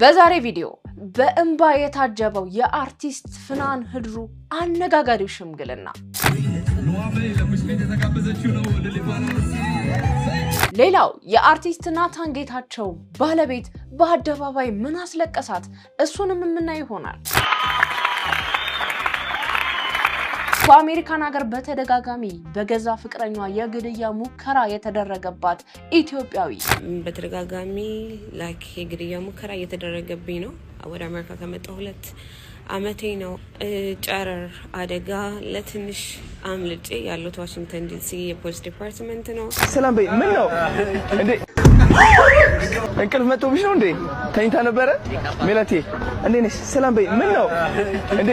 በዛሬ ቪዲዮ በእንባ የታጀበው የአርቲስት ፍናን ህድሩ አነጋጋሪው ሽምግልና፣ ሌላው የአርቲስት ናታን ጌታቸው ባለቤት በአደባባይ ምን አስለቀሳት? እሱንም የምናይ ይሆናል። በአሜሪካን ሀገር በተደጋጋሚ በገዛ ፍቅረኛ የግድያ ሙከራ የተደረገባት ኢትዮጵያዊ በተደጋጋሚ ላይክ የግድያ ሙከራ እየተደረገብኝ ነው። ወደ አሜሪካ ከመጣ ሁለት አመቴ ነው። ጨረር አደጋ ለትንሽ አምልጬ ያሉት ዋሽንግተን ዲሲ የፖሊስ ዲፓርትመንት ነው። ሰላም በይ። ምን ነው እንዴ? እንቅልፍ መጥቶብሽ ነው እንዴ? ተኝታ ነበረ ሜላቴ? እንዴ ነሽ? ሰላም በይ። ምን ነው እንዴ?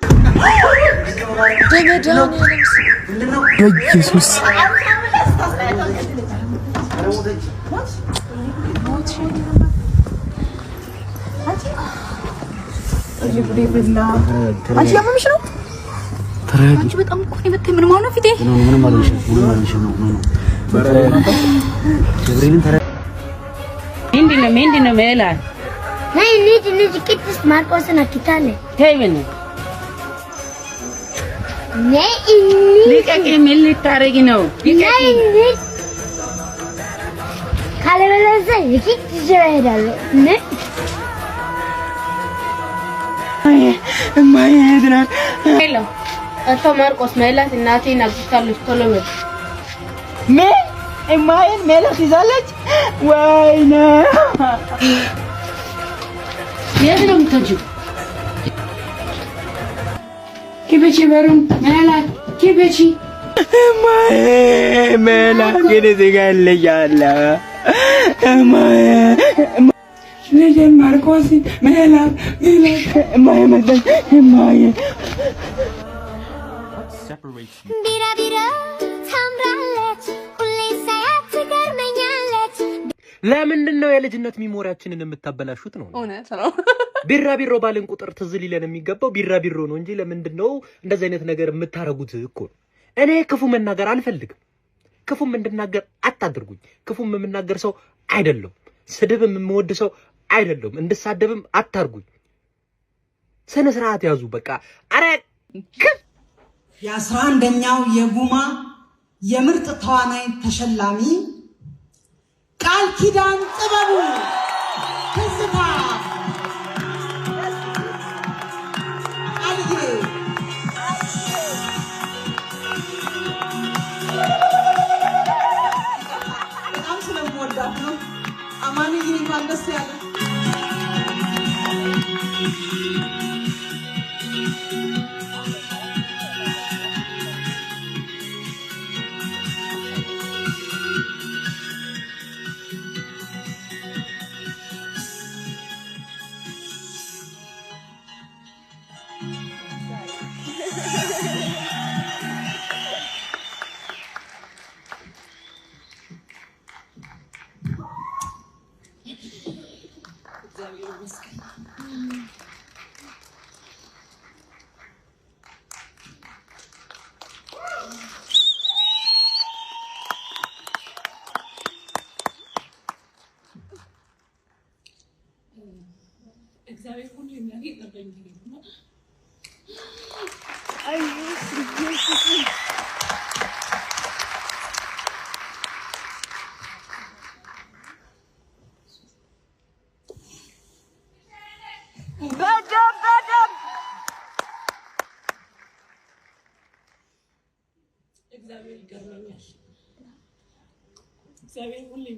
በኢየሱስ ምንድን ነው? ሜላ ነይ ልጅ ልጅ ቅድስት ማርቆስን አኪታለ ተይ ምን ልቀቂ። ምን ልታረጊ ነው? አቶ ማርቆስ ሜላት እናቴን አግኝታለች። ቶሎ በል። ምን እማዬን ሜላት ይዛለች? ወይኔ የት ነው የምትሄጂው? Kibeci verin. Mela. Kibeci. እማዬ መላክን ትገልጫለህ። እማዬ ልጄን ማርቆስ መላክ እማዬ መለስ እማዬ ቢራ ለምንድን ነው የልጅነት ሚሞሪያችንን የምታበላሹት? ነው እውነት ነው። ቢራቢሮ ባልን ቁጥር ትዝ ሊለን የሚገባው ቢራቢሮ ነው እንጂ ለምንድን ነው እንደዚህ አይነት ነገር የምታረጉት? እኮ እኔ ክፉ መናገር አልፈልግም። ክፉም እንድናገር አታድርጉኝ። ክፉም የምናገር ሰው አይደለም። ስድብም የምወድ ሰው አይደለም። እንድሳደብም አታርጉኝ። ስነ ስርዓት ያዙ። በቃ አረ የአስራ አንደኛው የጉማ የምርጥ ተዋናይ ተሸላሚ ቃል ኪዳን ጥበቡ ትዝታ Yeah.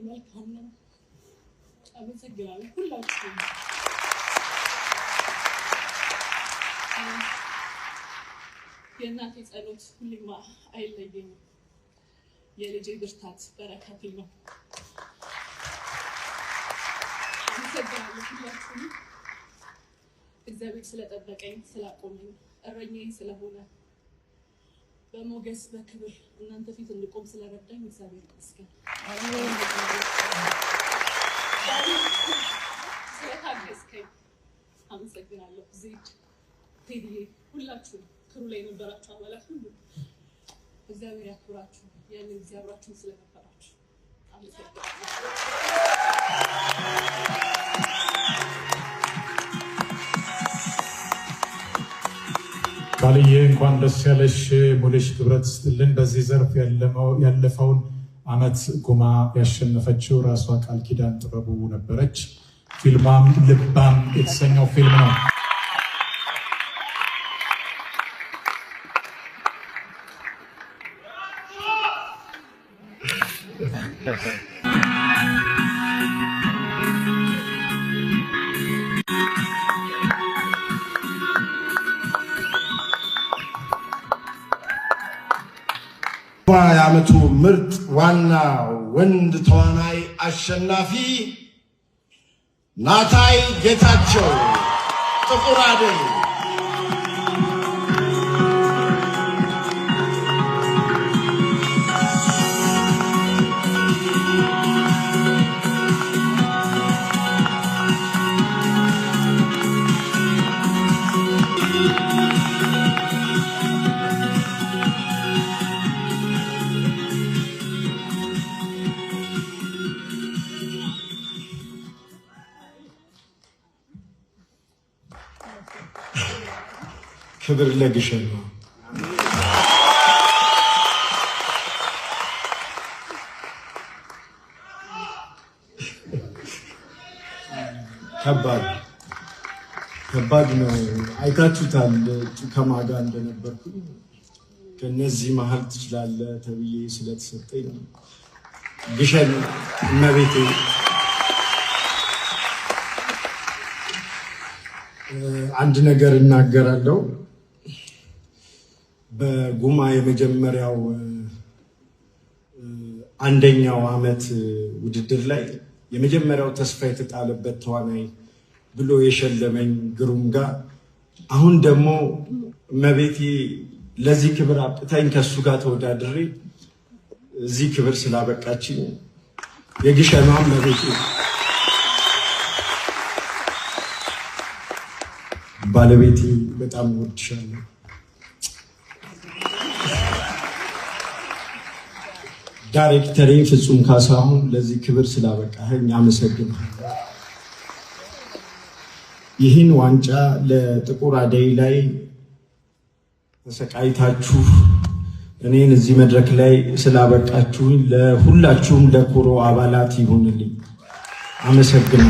መልካም ነው። አመሰግናለሁ ሁላችሁም። የእናቴ ጸሎት ሁሌማ አይለየኝም። የልጄ ብርታት በረከቴ ነው። አመሰግናለሁ ሁላችሁም። እግዚአብሔር ስለጠበቀኝ ስላቆመኝ፣ እረኛዬ ስለሆነ በሞገስ በክብር እናንተ ፊት እንድቆም ስለረዳኝ እግዚአብሔር ይመስገን። ስለታገዝከኝ አመሰግናለሁ። ዜድ ቴዲዬ፣ ሁላችሁም ክሩ ላይ የነበራችሁ አባላት ሁሉ እግዚአብሔር ያክብራችሁ። ያን ጊዜ አብራችሁን ስለነበራችሁ አመሰግናለሁ። ቃልዬ እንኳን ደስ ያለሽ። ሙልሽ ክብረት ስትልን በዚህ ዘርፍ ያለፈውን አመት ጉማ ያሸነፈችው ራሷ ቃል ኪዳን ጥበቡ ነበረች። ፊልሟም ልባም የተሰኘው ፊልም ነው። የዓመቱ ምርጥ ዋና ወንድ ተዋናይ አሸናፊ ናታይ ጌታቸው ጥቁር አደይ ክብር ለግሸን ነው። ከባድ ከባድ ነው። አይታችሁታል ከማጋ እንደነበርኩ ከነዚህ መሀል ትችላለ ተብዬ ስለተሰጠኝ ግሸን እመቤቴ አንድ ነገር እናገራለሁ። በጉማ የመጀመሪያው አንደኛው ዓመት ውድድር ላይ የመጀመሪያው ተስፋ የተጣለበት ተዋናይ ብሎ የሸለመኝ ግሩም ጋር አሁን ደግሞ እመቤቴ ለዚህ ክብር አብቅታኝ ከሱ ጋር ተወዳድሬ እዚህ ክብር ስላበቃችኝ የግሸኗ እመቤቴ ባለቤቴ በጣም እወድሻለሁ። ዳይሬክተሬ ፍጹም ካሳሁን ለዚህ ክብር ስላበቃኸኝ አመሰግናለሁ። ይህን ዋንጫ ለጥቁር አደይ ላይ ተሰቃይታችሁ እኔን እዚህ መድረክ ላይ ስላበቃችሁኝ ለሁላችሁም ለኩሮ አባላት ይሁንልኝ። አመሰግናለሁ።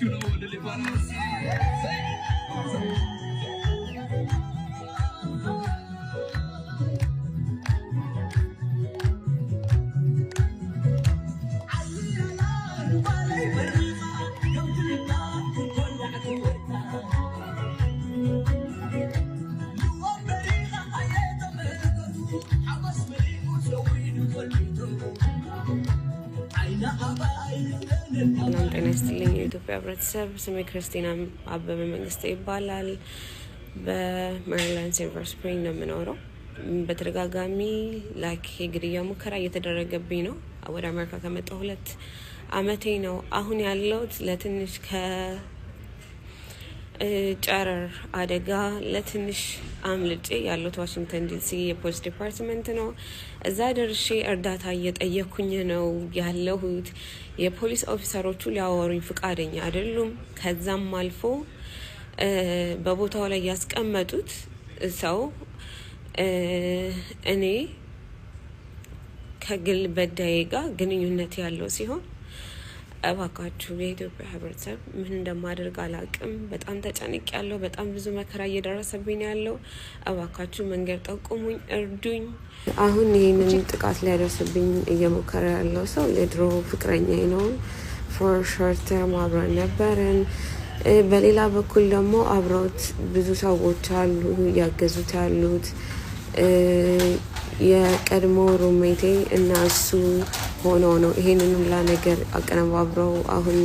you know will deliver us. ኢትዮጵያ ህብረተሰብ። ስሜ ክርስቲና አበበ መንግስት ይባላል። በሜሪላንድ ሲልቨር ስፕሪንግ ነው የምኖረው። በተደጋጋሚ ላይክ የግድያ ሙከራ እየተደረገብኝ ነው። ወደ አሜሪካ ከመጣሁ ሁለት አመቴ ነው። አሁን ያለሁት ለትንሽ ከ ጨረር አደጋ ለትንሽ አምልጬ ያሉት ዋሽንግተን ዲሲ የፖሊስ ዲፓርትመንት ነው። እዛ ደርሼ እርዳታ እየጠየኩኝ ነው ያለሁት። የፖሊስ ኦፊሰሮቹ ሊያወሩኝ ፍቃደኛ አይደሉም። ከዛም አልፎ በቦታው ላይ ያስቀመጡት ሰው እኔ ከግል በዳዬ ጋር ግንኙነት ያለው ሲሆን እባካችሁ የኢትዮጵያ ህብረተሰብ ምን እንደማደርግ አላቅም። በጣም ተጨንቅ ያለው በጣም ብዙ መከራ እየደረሰብኝ ያለው። እባካችሁ መንገድ ጠቁሙኝ፣ እርዱኝ። አሁን ይህንን ጥቃት ሊያደርስብኝ እየሞከረ ያለው ሰው የድሮ ፍቅረኛ ነው። ፎር ሾርተር አብረን ነበርን። በሌላ በኩል ደግሞ አብረውት ብዙ ሰዎች አሉ እያገዙት ያሉት የቀድሞ ሩሜቴ እና እሱ ሆኖ ነው ይሄንን ሁላ ነገር አቀነባብረው አሁን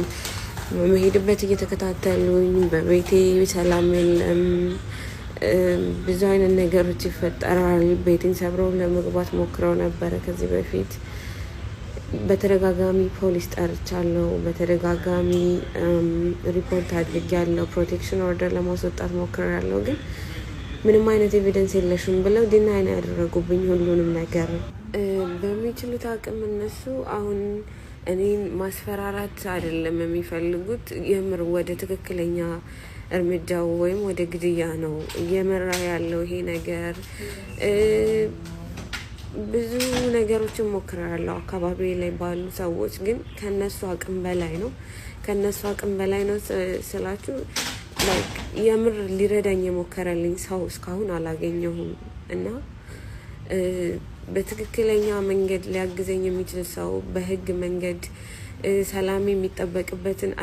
መሄድበት እየተከታተሉኝ በቤቴ ሰላም የለም። ብዙ አይነት ነገሮች ይፈጠራል። ቤቴን ሰብረው ለመግባት ሞክረው ነበረ ከዚህ በፊት በተደጋጋሚ ፖሊስ ጠርቻለሁ። በተደጋጋሚ ሪፖርት አድርጌያለሁ። ፕሮቴክሽን ኦርደር ለማስወጣት ሞክሬያለሁ፣ ግን ምንም አይነት ኤቪደንስ የለሽም ብለው ዲናይ ያደረጉብኝ ሁሉንም ነገር። በሚችሉት አቅም እነሱ አሁን እኔን ማስፈራራት አይደለም የሚፈልጉት። የምር ወደ ትክክለኛ እርምጃው ወይም ወደ ግድያ ነው እየመራ ያለው ይሄ ነገር። ብዙ ነገሮችን ሞክራለሁ አካባቢ ላይ ባሉ ሰዎች፣ ግን ከነሱ አቅም በላይ ነው። ከነሱ አቅም በላይ ነው ስላችሁ የምር ሊረዳኝ የሞከረልኝ ሰው እስካሁን አላገኘሁም እና በትክክለኛ መንገድ ሊያግዘኝ የሚችል ሰው በህግ መንገድ ሰላም የሚጠበቅበትን